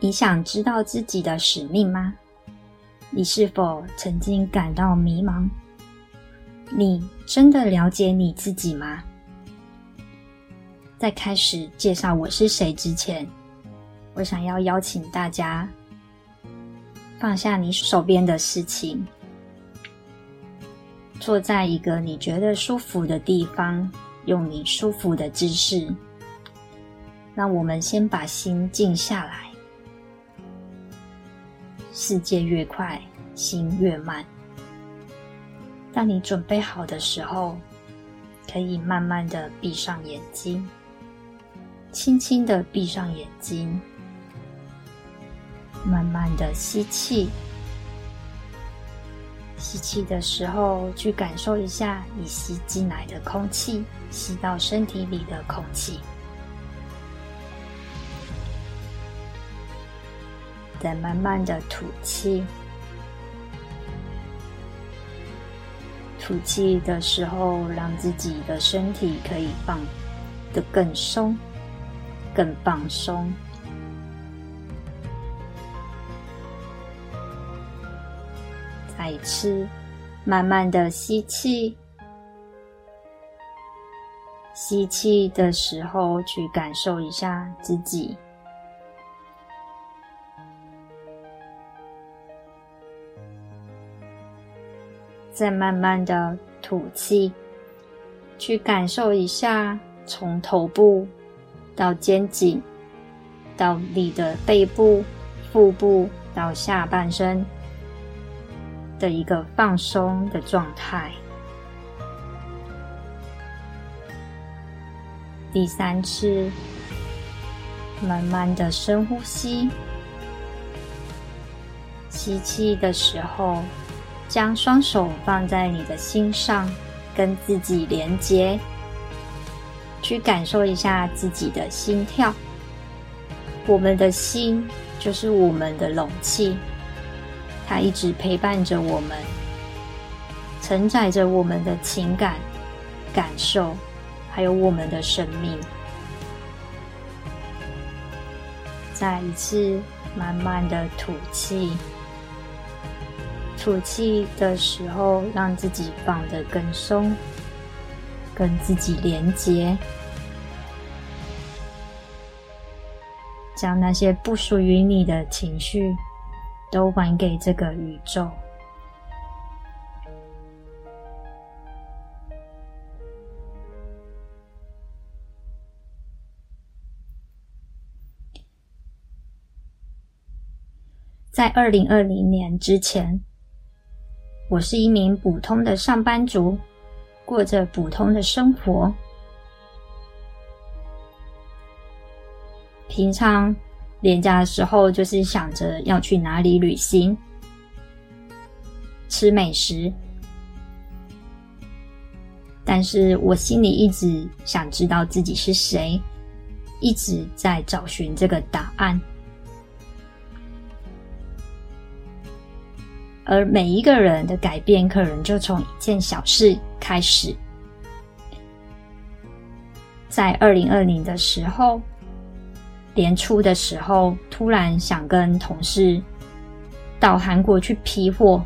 你想知道自己的使命嗎？你是否曾經感到迷茫？你真的了解你自己嗎？在開始介紹我是誰之前，我想要邀請大家放下你手邊的事情，坐在一個你覺得舒服的地方，用你舒服的姿勢。讓我們先把心靜下來。世界越快，心越慢。當你準備好的時候，可以慢慢的閉上眼睛，輕輕的閉上眼睛，慢慢的吸氣。吸氣的時候，去感受一下你吸進來的空氣，吸到身體裡的空氣。再慢慢的吐氣，吐氣的時候，讓自己的身體可以放得更鬆、更放鬆。再次，慢慢的吸氣，吸氣的時候，去感受一下自己。再慢慢的吐氣，去感受一下從頭部到肩頸，到你的背部、腹部到下半身的一個放鬆的狀態。第三次，慢慢的深呼吸，吸氣的時候。將雙手放在你的心上，跟自己連接，去感受一下自己的心跳。我們的心就是我們的容器，它一直陪伴着我們，承載着我們的情感、感受，還有我們的生命。再一次，慢慢地吐氣。吐氣的時候，讓自己放得更鬆，跟自己連接，將那些不屬於你的情緒都還給這個宇宙。在2020年之前。我是一名普通的上班族，過着普通的生活。平常連假的時候，就是想着要去哪裡旅行、吃美食。但是，我心裡一直想知道自己是誰，一直在找尋這個答案。而每一個人的改變，可能就從一件小事開始。在二零二零的時候，年初的時候，突然想跟同事到韓國去批貨，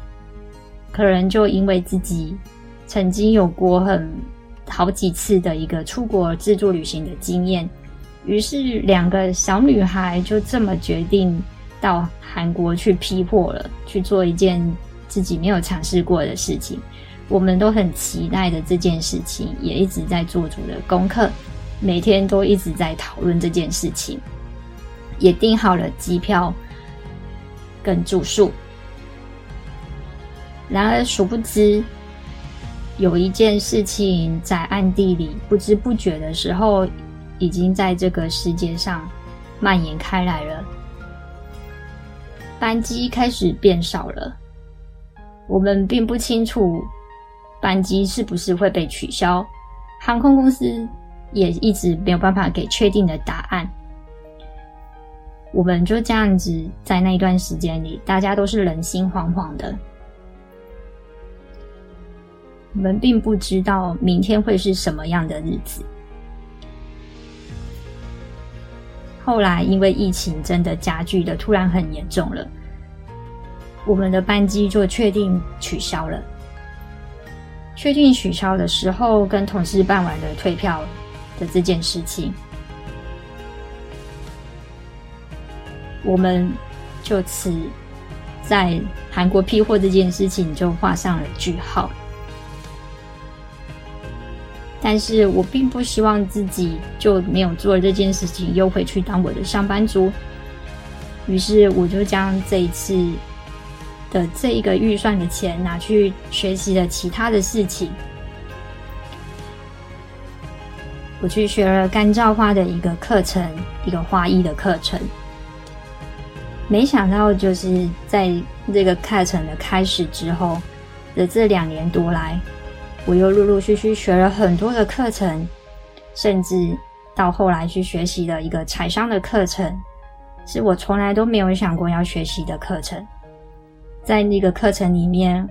可能就因為自己曾經有過很好幾次的一個出國自助旅行的經驗，於是兩個小女孩就這麼決定。到韓國去批破了，去做一件自己沒有嘗試過的事情，我們都很期待的這件事情，也一直在做足的功課，每天都一直在討論這件事情，也訂好了機票跟住宿。然而，殊不知有一件事情在暗地裡不知不覺的時候，已經在這個世界上蔓延開來了。班機開始變少了，我們並不清楚班機是不是會被取消，航空公司也一直沒有辦法給確定的答案。我們就這樣子在那一段時間裡，大家都是人心惶惶的，我們並不知道明天會是什麼樣的日子。後來因為疫情真的加劇的，突然很嚴重了，我們的班機就確定取消了。確定取消的時候，跟同事辦完了退票的這件事情，我們就此在韓國批貨這件事情就畫上了句號。但是我並不希望自己就沒有做了這件事情，又回去當我的上班族。於是我就將這一次的這一個預算的錢拿去學習了其他的事情。我去學了乾燥花的一個課程，一個花藝的課程。沒想到就是在這個課程的開始之後的這兩年多來。我又陸陸續續學了很多的課程，甚至到後來去學習了一個財商的課程，是我從來都沒有想過要學習的課程。在那個課程裡面，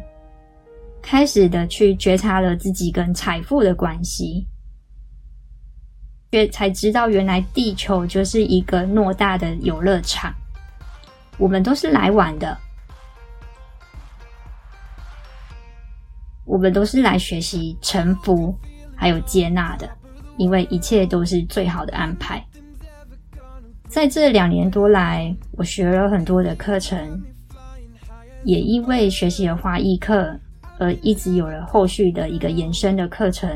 開始的去覺察了自己跟財富的關係，覺才知道原來地球就是一個偌大的遊樂場，我們都是來玩的。我們都是來學習臣服，還有接納的，因為一切都是最好的安排。在這兩年多來，我學了很多的課程，也因為學習了花藝課，而一直有了後續的一個延伸的課程。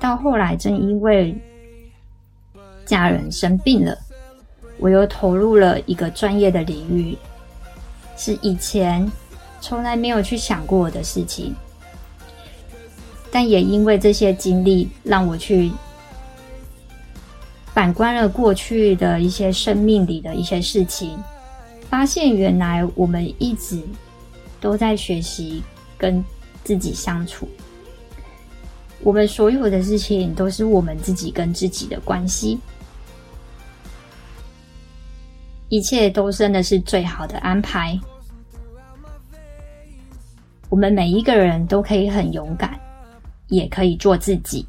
到後來，正因為家人生病了，我又投入了一個專業的領域，是以前。從來沒有去想過的事情，但也因為這些經歷，讓我去反觀了過去的一些生命裡的一些事情，發現原來我們一直都在學習跟自己相處。我們所有的事情都是我們自己跟自己的關係，一切都真的是最好的安排。我們每一個人都可以很勇敢，也可以做自己。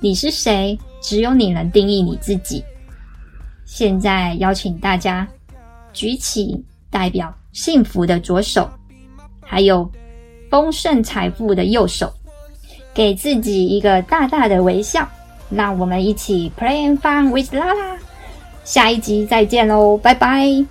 你是誰？只有你能定義你自己。現在邀請大家舉起代表幸福的左手，還有豐盛財富的右手，給自己一個大大的微笑。讓我們一起 Play and Fun with LaLa。下一集再見嘍，拜拜。